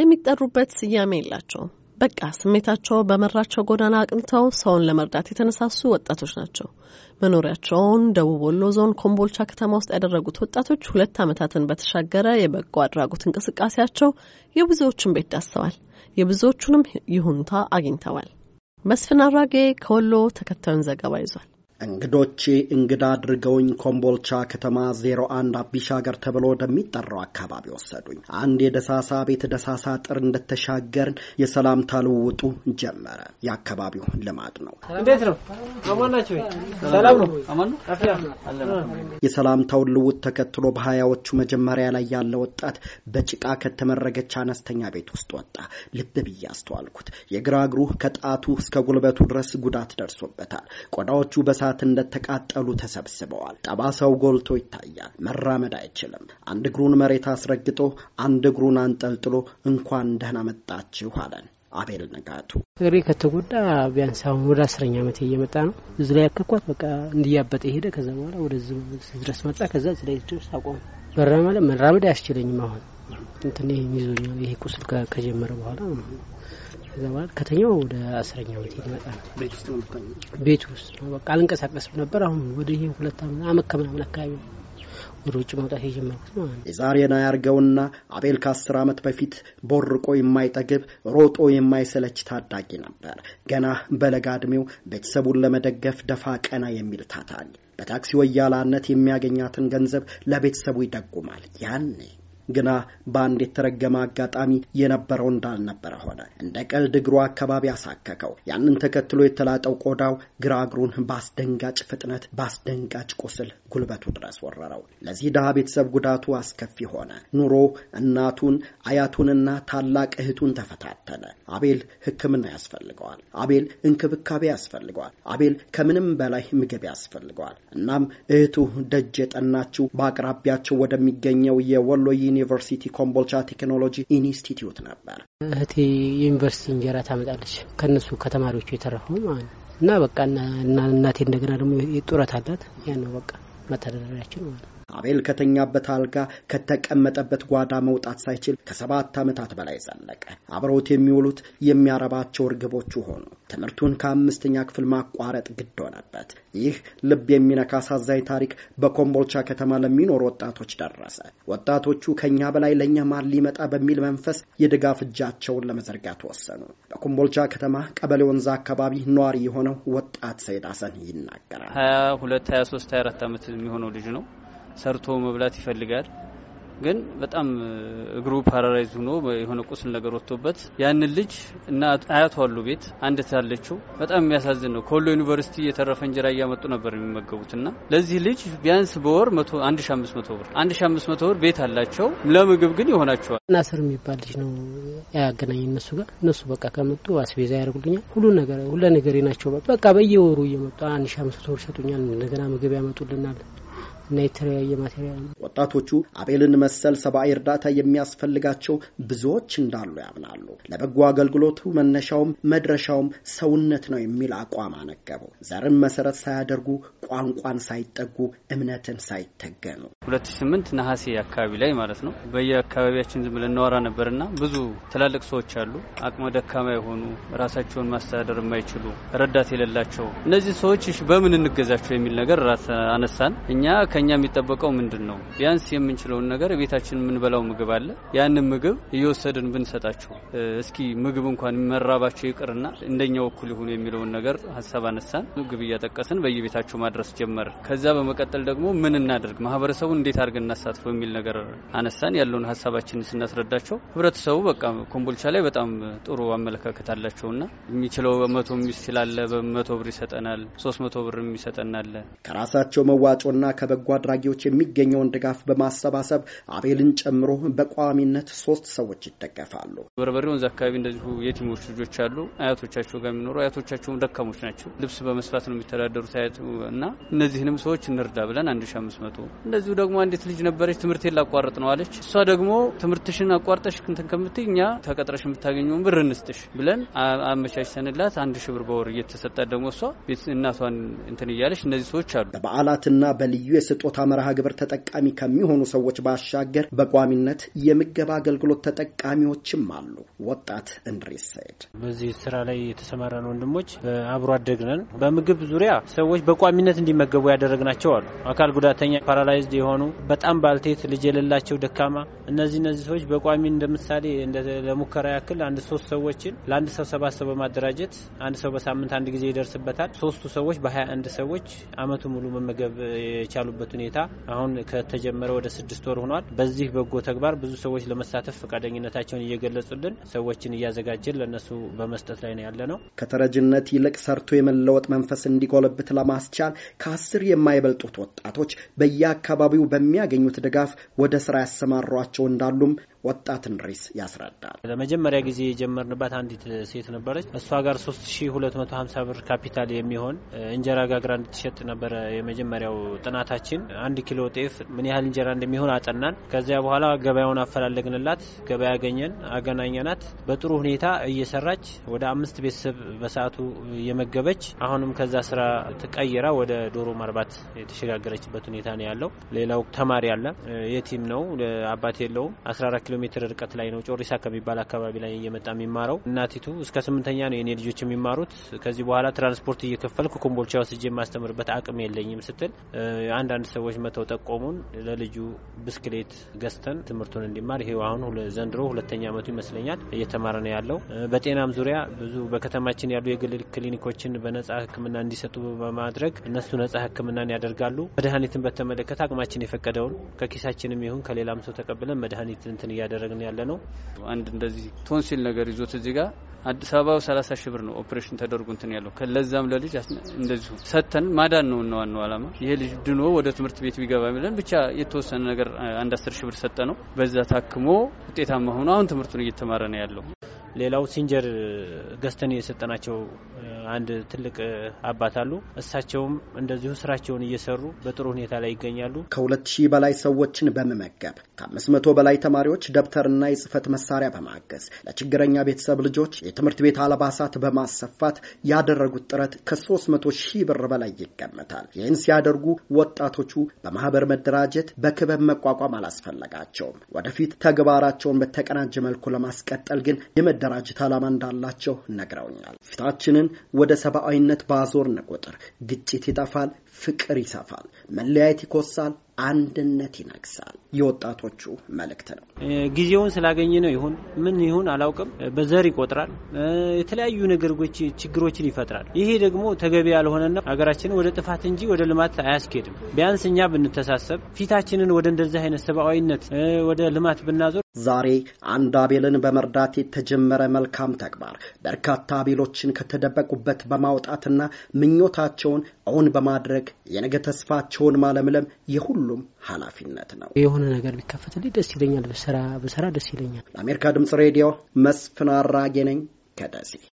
የሚጠሩበት ስያሜ የላቸውም። በቃ ስሜታቸው በመራቸው ጎዳና አቅንተው ሰውን ለመርዳት የተነሳሱ ወጣቶች ናቸው። መኖሪያቸውን ደቡብ ወሎ ዞን ኮምቦልቻ ከተማ ውስጥ ያደረጉት ወጣቶች ሁለት ዓመታትን በተሻገረ የበጎ አድራጎት እንቅስቃሴያቸው የብዙዎችን ቤት ዳሰዋል፣ የብዙዎቹንም ይሁንታ አግኝተዋል። መስፍን አራጌ ከወሎ ተከታዩን ዘገባ ይዟል። እንግዶቼ እንግዳ አድርገውኝ ኮምቦልቻ ከተማ 01 አቢሻገር ተብሎ ወደሚጠራው አካባቢ ወሰዱኝ። አንድ የደሳሳ ቤት ደሳሳ ጥር እንደተሻገርን የሰላምታ ልውውጡ ጀመረ። የአካባቢው ልማድ ነው። እንዴት ነው? ሰላም ነው። የሰላምታውን ልውውጥ ተከትሎ በሀያዎቹ መጀመሪያ ላይ ያለ ወጣት በጭቃ ከተመረገች አነስተኛ ቤት ውስጥ ወጣ። ልብ ብዬ አስተዋልኩት። የግራ እግሩ ከጣቱ እስከ ጉልበቱ ድረስ ጉዳት ደርሶበታል። ቆዳዎቹ በሳ በእሳት እንደተቃጠሉ ተሰብስበዋል። ጠባሳው ጎልቶ ይታያል። መራመድ አይችልም። አንድ እግሩን መሬት አስረግጦ አንድ እግሩን አንጠልጥሎ እንኳን ደህና መጣችሁ አለን። አቤል ንጋቱ እግሬ ከተጎዳ ቢያንስ አሁን ወደ አስረኛ ዓመት እየመጣ ነው። እዚ ላይ ያከኳት በቃ እንዲያበጠ ሄደ። ከዛ በኋላ ወደዚ ድረስ መጣ። ከዛ እዚ ላይ ድረስ አቆም መራመድ መራመድ አያስችለኝም አሁን እንትን ይዞኛል። ይሄ ቁስል ከጀመረ በኋላ ከዛ በኋላ ከተኛው ወደ አስረኛ ቤት ይመጣ ቤት ውስጥ ነው በቃ አልንቀሳቀስም ነበር። አሁን ወደ ይህ ሁለት አመት ከምናምን አካባቢ ነው ወደ ውጭ መውጣት የጀመርኩት ማለት ነው። የዛሬና ያርገውና አቤል ከአስር ዓመት በፊት ቦርቆ የማይጠግብ ሮጦ የማይሰለች ታዳጊ ነበር። ገና በለጋ ዕድሜው ቤተሰቡን ለመደገፍ ደፋ ቀና የሚል ታታሪ፣ በታክሲ ወያላነት የሚያገኛትን ገንዘብ ለቤተሰቡ ይደጉማል። ያኔ ግና በአንድ የተረገመ አጋጣሚ የነበረው እንዳልነበረ ሆነ። እንደ ቀልድ እግሩ አካባቢ አሳከከው። ያንን ተከትሎ የተላጠው ቆዳው ግራ እግሩን በአስደንጋጭ ፍጥነት በአስደንጋጭ ቁስል ጉልበቱ ድረስ ወረረው። ለዚህ ድሃ ቤተሰብ ጉዳቱ አስከፊ ሆነ። ኑሮ እናቱን አያቱንና ታላቅ እህቱን ተፈታተነ። አቤል ሕክምና ያስፈልገዋል። አቤል እንክብካቤ ያስፈልገዋል። አቤል ከምንም በላይ ምግብ ያስፈልገዋል። እናም እህቱ ደጅ የጠናችው በአቅራቢያቸው ወደሚገኘው የወሎ ዩኒቨርሲቲ ኮምቦልቻ ቴክኖሎጂ ኢንስቲትዩት ነበር። እህቴ የዩኒቨርሲቲ እንጀራ ታመጣለች ከእነሱ ከተማሪዎቹ የተረፈው ማለት ነው እና በቃ እናቴ እንደገና ደግሞ ጡረት አላት ያን በቃ መተዳደሪያችን ማለት ነው። አቤል ከተኛበት አልጋ ከተቀመጠበት ጓዳ መውጣት ሳይችል ከሰባት ዓመታት በላይ ዘለቀ። አብረውት የሚውሉት የሚያረባቸው እርግቦቹ ሆኑ። ትምህርቱን ከአምስተኛ ክፍል ማቋረጥ ግድ ሆነበት። ይህ ልብ የሚነካ አሳዛኝ ታሪክ በኮምቦልቻ ከተማ ለሚኖሩ ወጣቶች ደረሰ። ወጣቶቹ ከእኛ በላይ ለእኛ ማን ሊመጣ በሚል መንፈስ የድጋፍ እጃቸውን ለመዘርጋት ወሰኑ። በኮምቦልቻ ከተማ ቀበሌ ወንዛ አካባቢ ነዋሪ የሆነው ወጣት ሰይድ ሀሰን ይናገራል። ሀያ ሁለት ሀያ ሶስት ሀያ አራት ዓመት የሚሆነው ልጅ ነው። ሰርቶ መብላት ይፈልጋል። ግን በጣም እግሩ ፓራላይዝ ሆኖ የሆነ ቁስል ነገር ወጥቶበት ያንን ልጅ እና አያቷ አሉ ቤት አንድ ታለችው። በጣም የሚያሳዝን ነው። ከወሎ ዩኒቨርሲቲ የተረፈ እንጀራ እያመጡ ነበር የሚመገቡት እና ለዚህ ልጅ ቢያንስ በወር 1500 ብር 1500 ብር ቤት አላቸው። ለምግብ ግን ይሆናቸዋል። ናስር የሚባል ልጅ ነው ያገናኝ እነሱ ጋር እነሱ በቃ ከመጡ አስቤዛ ያደርጉልኛል። ሁሉ ነገር ሁለ ነገሬ ናቸው። በቃ በየወሩ እየመጡ 1500 ብር ሰጡኛል። እንደገና ምግብ ያመጡልናል። እና የተለያየ ማቴሪያል ነው። ወጣቶቹ አቤልን መሰል ሰብአዊ እርዳታ የሚያስፈልጋቸው ብዙዎች እንዳሉ ያምናሉ። ለበጎ አገልግሎቱ መነሻውም መድረሻውም ሰውነት ነው የሚል አቋም አነገበው። ዘርን መሰረት ሳያደርጉ ቋንቋን ሳይጠጉ እምነትን ሳይተገኑ ሁለት ነሐሴ አካባቢ ላይ ማለት ነው በየአካባቢያችን ዝም ብለን እናወራ ነበርና ብዙ ትላልቅ ሰዎች አሉ፣ አቅመ ደካማ የሆኑ ራሳቸውን ማስተዳደር የማይችሉ ረዳት የሌላቸው እነዚህ ሰዎች በምን እንገዛቸው የሚል ነገር ራስ አነሳን እኛ ከኛ የሚጠበቀው ምንድን ነው? ቢያንስ የምንችለውን ነገር ቤታችን የምንበላው ምግብ አለ። ያንን ምግብ እየወሰድን ብንሰጣቸው እስኪ ምግብ እንኳን መራባቸው ይቅርና እንደኛ እኩል ይሁኑ የሚለውን ነገር ሀሳብ አነሳን። ምግብ እያጠቀስን በየቤታቸው ማድረስ ጀመር። ከዛ በመቀጠል ደግሞ ምን እናደርግ፣ ማህበረሰቡን እንዴት አድርገን እናሳትፈው የሚል ነገር አነሳን። ያለውን ሀሳባችንን ስናስረዳቸው ህብረተሰቡ በቃ ኮምቦልቻ ላይ በጣም ጥሩ አመለካከት አላቸውና የሚችለው በመቶ የሚችላለ በመቶ ብር ይሰጠናል፣ ሶስት መቶ ብር ይሰጠናለ ከራሳቸው መዋጮና ከበጎ በበጎ አድራጊዎች የሚገኘውን ድጋፍ በማሰባሰብ አቤልን ጨምሮ በቋሚነት ሶስት ሰዎች ይደገፋሉ። በርበሬ ወንዝ አካባቢ እንደዚሁ የቲሞች ልጆች አሉ። አያቶቻቸው ጋር የሚኖሩ አያቶቻቸውም ደካሞች ናቸው። ልብስ በመስፋት ነው የሚተዳደሩት አያቱ እና እነዚህንም ሰዎች እንርዳ ብለን አንድ ሺ አምስት መቶ እንደዚሁ ደግሞ አንዲት ልጅ ነበረች። ትምህርቴን ላቋረጥ ነው አለች። እሷ ደግሞ ትምህርትሽን አቋርጠሽ እንትን ከምትይ እኛ ተቀጥረሽ የምታገኘውን ብር እንስጥሽ ብለን አመቻችተንላት አንድ ሺ ብር በወር እየተሰጠ ደግሞ እሷ እናቷን እንትን እያለች እነዚህ ሰዎች አሉ በበዓላትና በልዩ የስጦታ መርሃ ግብር ተጠቃሚ ከሚሆኑ ሰዎች ባሻገር በቋሚነት የምገባ አገልግሎት ተጠቃሚዎችም አሉ። ወጣት እንድሪስ ሰይድ በዚህ ስራ ላይ የተሰማራን ወንድሞች አብሮ አደግነን በምግብ ዙሪያ ሰዎች በቋሚነት እንዲመገቡ ያደረግናቸው አሉ። አካል ጉዳተኛ፣ ፓራላይዝድ የሆኑ በጣም ባልቴት፣ ልጅ የሌላቸው ደካማ፣ እነዚህ እነዚህ ሰዎች በቋሚ እንደምሳሌ ለሙከራ ያክል አንድ ሶስት ሰዎችን ለአንድ ሰው ሰባት ሰው በማደራጀት አንድ ሰው በሳምንት አንድ ጊዜ ይደርስበታል። ሶስቱ ሰዎች በሀያ አንድ ሰዎች አመቱ ሙሉ መመገብ የቻሉበት ያለበት ሁኔታ አሁን ከተጀመረ ወደ ስድስት ወር ሆኗል። በዚህ በጎ ተግባር ብዙ ሰዎች ለመሳተፍ ፈቃደኝነታቸውን እየገለጹልን ሰዎችን እያዘጋጀን ለእነሱ በመስጠት ላይ ነው ያለ ነው። ከተረጅነት ይልቅ ሰርቶ የመለወጥ መንፈስ እንዲጎለብት ለማስቻል ከአስር የማይበልጡት ወጣቶች በየአካባቢው በሚያገኙት ድጋፍ ወደ ስራ ያሰማሯቸው እንዳሉም ወጣትን ሬስ ያስረዳል። ለመጀመሪያ ጊዜ የጀመርንባት አንዲት ሴት ነበረች። እሷ ጋር 3250 ብር ካፒታል የሚሆን እንጀራ ጋግራ እንድትሸጥ ነበረ የመጀመሪያው ጥናታችን። አንድ ኪሎ ጤፍ ምን ያህል እንጀራ እንደሚሆን አጠናን። ከዚያ በኋላ ገበያውን አፈላለግንላት። ገበያ ያገኘን አገናኘናት። በጥሩ ሁኔታ እየሰራች ወደ አምስት ቤተሰብ በሰዓቱ እየመገበች አሁንም ከዛ ስራ ተቀይራ ወደ ዶሮ ማርባት የተሸጋገረችበት ሁኔታ ነው ያለው። ሌላው ተማሪ አለ፣ የቲም ነው፣ አባት የለውም። 14 ኪሎ ሜትር ርቀት ላይ ነው ጮሪሳ ከሚባል አካባቢ ላይ እየመጣ የሚማረው። እናቲቱ እስከ ስምንተኛ ነው የኔ ልጆች የሚማሩት ከዚህ በኋላ ትራንስፖርት እየከፈልኩ ኮምቦልቻ ወስጄ የማስተምርበት አቅም የለኝም ስትል አንዳንድ ሰዎች መተው ጠቆሙን። ለልጁ ብስክሌት ገዝተን ትምህርቱን እንዲማር ይሄው አሁን ዘንድሮ ሁለተኛ አመቱ ይመስለኛል እየተማረ ነው ያለው። በጤናም ዙሪያ ብዙ በከተማችን ያሉ የግል ክሊኒኮችን በነጻ ሕክምና እንዲሰጡ በማድረግ እነሱ ነጻ ሕክምናን ያደርጋሉ። መድኃኒትን በተመለከተ አቅማችን የፈቀደውን ከኪሳችንም ይሁን ከሌላም ሰው ተቀብለን መድኃኒት እንትን እያደረግን ያለ ነው። አንድ እንደዚህ ቶንሲል ነገር ይዞት እዚህ ጋር አዲስ አበባ ሰላሳ ሺህ ብር ነው ኦፕሬሽን ተደርጎ እንትን ያለው ከለዛም ለልጅ እንደዚሁ ሰጥተን ማዳን ነው እና ዋናው አላማ ይሄ ልጅ ድኖ ወደ ትምህርት ቤት ቢገባ ብለን ብቻ የተወሰነ ነገር አንድ አስር ሺህ ብር ሰጠ ነው። በዛ ታክሞ ውጤታማ ሆኖ አሁን ትምህርቱን እየተማረ ነው ያለው። ሌላው ሲንጀር ገዝተን የሰጠናቸው አንድ ትልቅ አባት አሉ። እሳቸውም እንደዚሁ ስራቸውን እየሰሩ በጥሩ ሁኔታ ላይ ይገኛሉ። ከሁለት ሺህ በላይ ሰዎችን በመመገብ ከአምስት መቶ በላይ ተማሪዎች ደብተርና የጽህፈት መሳሪያ በማገዝ ለችግረኛ ቤተሰብ ልጆች የትምህርት ቤት አልባሳት በማሰፋት ያደረጉት ጥረት ከሶስት መቶ ሺህ ብር በላይ ይገመታል። ይህን ሲያደርጉ ወጣቶቹ በማህበር መደራጀት በክበብ መቋቋም አላስፈለጋቸውም። ወደፊት ተግባራቸውን በተቀናጀ መልኩ ለማስቀጠል ግን የመደራጀት ዓላማ እንዳላቸው ነግረውኛል። ፊታችንን ወደ ሰብአዊነት ባዞርን ቁጥር ግጭት ይጠፋል፣ ፍቅር ይሰፋል፣ መለያየት ይኮሳል፣ አንድነት ይነግሳል የወጣቶቹ መልእክት ነው። ጊዜውን ስላገኘ ነው ይሁን ምን ይሁን አላውቅም፣ በዘር ይቆጥራል፣ የተለያዩ ነገሮች ችግሮችን ይፈጥራል። ይሄ ደግሞ ተገቢ ያልሆነና ሀገራችንን ወደ ጥፋት እንጂ ወደ ልማት አያስኬድም። ቢያንስ እኛ ብንተሳሰብ ፊታችንን ወደ እንደዚህ አይነት ሰብአዊነት ወደ ልማት ብናዞር። ዛሬ አንድ አቤልን በመርዳት የተጀመረ መልካም ተግባር በርካታ አቤሎችን ከተደበቁበት በማውጣትና ምኞታቸውን እውን በማድረግ የነገ ተስፋቸውን ማለምለም የሁሉ የሁሉም ኃላፊነት ነው። የሆነ ነገር ቢከፈትልኝ ደስ ይለኛል። በስራ ብሰራ ደስ ይለኛል። ለአሜሪካ ድምጽ ሬዲዮ መስፍን አራጌ ነኝ ከደሴ